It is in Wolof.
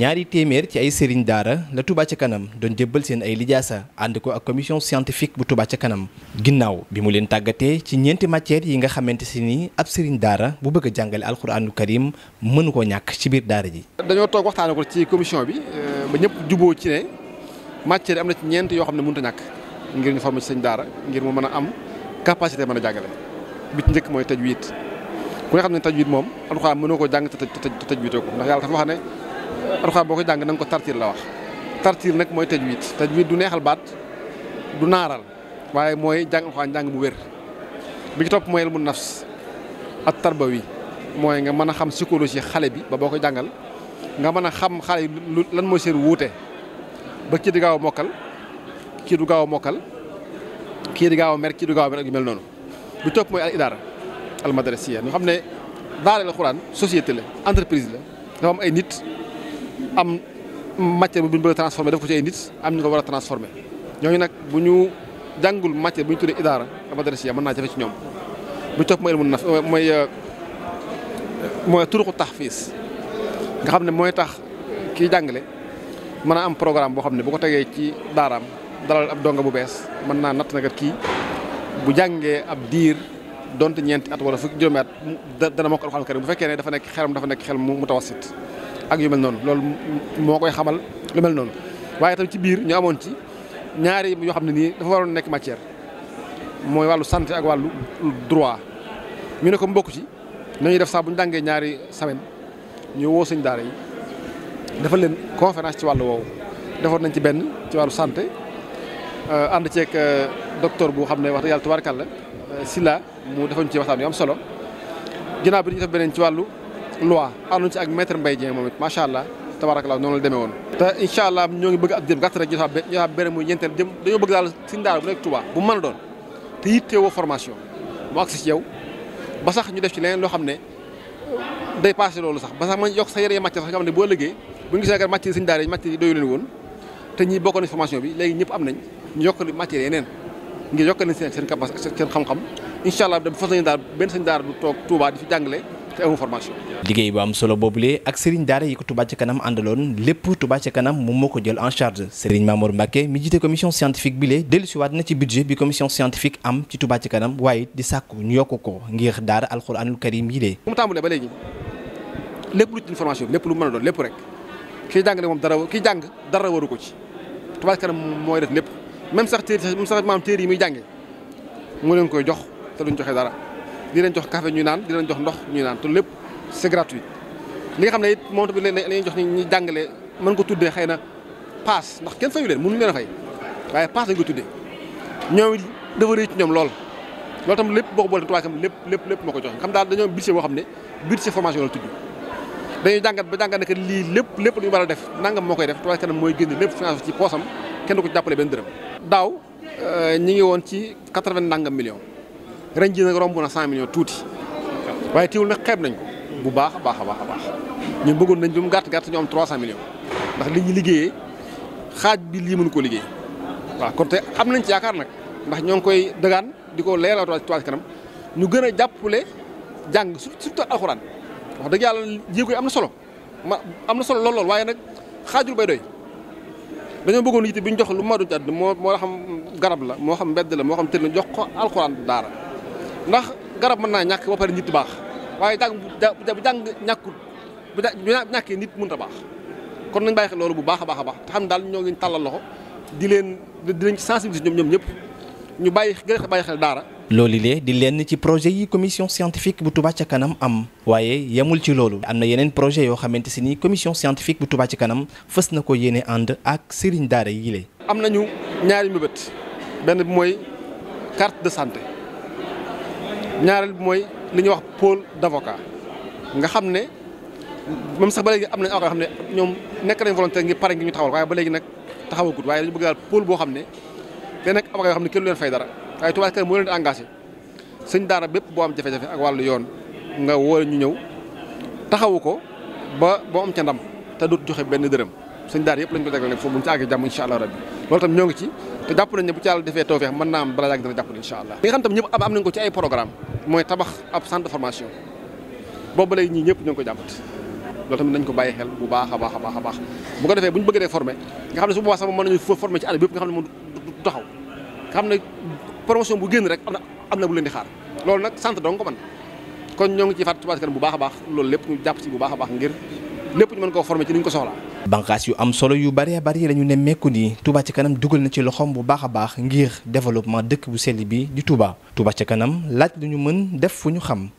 ñaari téeméer ci ay sëriñ daara la Touba ca kanam doon jébbal seen ay lijaasa ànd ko ak commission scientifique bu Touba ca kanam ginnaaw bi mu leen tàggatee ci ñeenti matières yi nga xamante si ni ab sëriñ daara bu bëgg a jàngale alxuraanu karim mënu koo ñàkk ci biir daara ji. dañoo toog waxtaanee ko ci commission bi euh, ba ñëpp juboo ci ne matière am na ci ñeent yoo xam ne mënut a ñàkk ngir ñu former ci sëriñ daara ngir mu mën a am capacité mën a jàngale bi ci njëkk mooy tajwiid ku xam ne tajwiid moom alxuraan mënoo koo jàng te tajwiidoo ko ndax yàlla dafa wax alxuraan boo ko jàng na ko tartiir la wax tartiir nag mooy taj wit tajwid tajwid du neexal baat du naaral waaye mooy jàng alxuraan jàng mu wér bi ci topp mooy ilmu nafs at tarbawi mooy nga mën a xam psychologie xale bi ba boo ko jàngal nga mën a xam xale yi mooy seen wuute ba kii di gaaw mokkal kii du gaaw a mokkal kii gaaw a mer kii du mel noonu bi topp mooy al idaara al madrasiya ñu xam ne daara alxuraan société la entreprise la dafa am ay nit am matière bu ñu bëgg a transformé def ko ci ay nit am ñu ko war a transformé ñooñu nag bu ñu jàngul matière bu ñu tuddee idaara madrasiya naa jafe ci ñoom bu topp mooy ilmu naf euh, mooy euh, mooy turuqu tahfiz nga xam ne mooy tax kiy jàngale mën am programme boo xam ne bu ko tegee ci daaraam dalal ab donga bu bees mën naa natt nakat kii bu jàngee ab diir donte ñeenti at wala fukki juróomi at dana mokk alxuraan karim bu fekkee ne dafa nekk xelam dafa nekk xel mu mutawasit ak yu mel noonu loolu moo koy xamal lu mel noonu waaye tamit ci biir ñu amoon ci ñaari yoo xam ne nii dafa waroon nekk matière mooy wàllu santé ak wàllu droit ñu ne ko mbokk ci nañuy def sax bu ñu jàngee ñaari semaine ñu woo sëñ daara yi dafa leen conférence ci wàllu woowu defoon nañ ci benn ci wàllu santé euh, ànd ceeg euh, docteur boo xam ne wax dëgg yàlla tubaarkàlla euh, Silla mu defoon ci waxtaan yu am solo ginnaaw bi ñu def beneen ci wàllu loi ànduñ ci ak maître Mbaye moom it macha allah tabaarakallaa noonu la demee woon te incha allah ñoo ngi bëgg ab jëm gàtt rek jotaa jotaa beneen muy ñeenteel jëm dañoo bëgg daal si ndaar bu nekk Touba bu mën a doon te ba sax ñu def ci leneen loo xam ne day passé loolu sax ba sax ma yokk sa ne boo liggéey bu ñu gisee kat matière sëñ daara yi matière yi doyu leen woon léegi ñëpp am nañ ñu yokkali matière yeneen ngir yokkal leen seen seen capacité seen xam-xam incha allah dem fas nañu daal benn sëñ daara du toog Touba di fi jàngale te amu formation. liggéey bu am solo boobule ak Serigne Daara yi ko Touba ca kanam àndaloon lépp Touba ca kanam moom moo ko jël en charge Serigne Mamour mi jiite commission scientifique bi lee dellusiwaat na ci budget bi commission scientifique am ci Touba ca kanam waaye di sàkku ñu yokk ko ngir Daara alxuraanul karim yi lee. mu tàmbalee ba léegi lépp lu ci information lépp lu mën a doon lépp rek kiy jàng dara waru ko ci Touba kanam mooy def lépp même sax di leen jox café ñuy naan di leen jox ndox ñuy naan te lépp c'est gratuit. li nga xam ne it moom tamit la ñuy jox ñi jàngale man ko tuddee xëy na paas ndax kenn fayu leen mënuñu leen a fay waaye paas lañ ko tuddee ñoom it dafa rëy ci ñoom lool. loolu tam lépp boo ko boolee tubaab kam lépp lépp lépp moo ko jox xam daal dañoo budget boo xam ne budget formation la tudd dañuy jàngat ba jàngat ne que lii lépp lépp lu ñu war a def nangam moo koy def tubaab kanam mooy génn lépp financé ci poosam kenn du ko jàppale benn dërëm. daaw euh, ñi ngi woon ci quatre nangam millions. ren ji nag romb na 100 millions tuuti waaye teewul nag xeeb nañ ko bu baax a baax a baax ñu bëggoon nañ lu mu gàtt gàtt ñu am 300 millions ndax li ñu liggéeyee xaaj bi lii mën ko liggéey waaw kon te am nañ ci yaakaar nag ndax ñoo ngi koy dëgaan di ko leeral Touba Ca Kanam ñu gën a jàppale jàng surtout alxuraan wax dëgg yàlla jéego yi am na solo ma am na solo lool lool waaye nag xaajul bay doy dañoo bëggoon yitte bi ñu jox lu ma doon moo moo xam garab la moo xam mbedd la moo xam tëdd la jox ko alxuraan daara ndax garab mën naa ñàkk ba pare nit baax waaye jàng bu jàng ñàkkul bu ñàkkee nit mënut a baax kon nañ bàyyi xel loolu bu baax a baax a baax te xam ne daal ñoo ngi tàllal loxo di leen dinañ ci sensibiliser ñoom ñoom ñëpp ñu bàyyi gën bàyyi xel daara. loolu lee di lenn ci projet yi commission scientifique bu Touba ca kanam am waaye yemul ci loolu am na yeneen projet yoo xamante si ni commission scientifique bu Touba ca kanam fës na ko yéene ànd ak sëriñ daara yi lee am nañu ñaari mbëbët benn bi mooy carte de santé. ñaareel bi mooy li ñuy wax pôle d' avocat nga xam ne même sax ba léegi am nañ avocat yoo xam ne ñoom nekk nañ volontaire ngir pare ngir ñu taxawal waaye ba léegi nag taxawagut waaye dañu bëgg daal boo xam ne day nekk avocat yoo ne kenn du fay dara waaye Touba Ça Kanam moo leen di engagé sëñ daara bépp boo am jafe-jafe ak wàllu yoon nga woor ñu ñëw taxawu ko ba boo am ca ndam te dootu joxe benn dërëm sëñ daara yëpp lañ ko jagleel nag foofu buñ ci àggee jàmm incha allah rabbi loolu tam ñoo ngi ci te jàpp nañ ne bu ci yàlla defee tawfeex mën naa am bala yàgg dana jàpp nañ ko ci mooy tabax ab centre boobu léegi ñii ñëpp ñoo ngi ko jàmbat loolu tamit nañ ko bàyyi xel bu baax a baax a baax bu ko defee ñu bëggee formé nga xam ne su boobaa sax mën nañu formé ci xam ne moom bu génn rek am na am na bu leen xaar loolu nag centre dong ko kon ñoo ngi ci fàttali ci kanam bu baax a baax loolu lépp ñu jàpp ci bu baax a baax ngir lépp ñu mën koo formé ci ni ñu ko soxla banqaas yu am solo yu bëree bëri dañu ñu nemmeeku ni Touba ci kanam dugal na ci loxoom bu baax a baax ngir développement dëkk bu sell bi di Touba Touba ci kanam laaj lu ñu mën def fu ñu xam.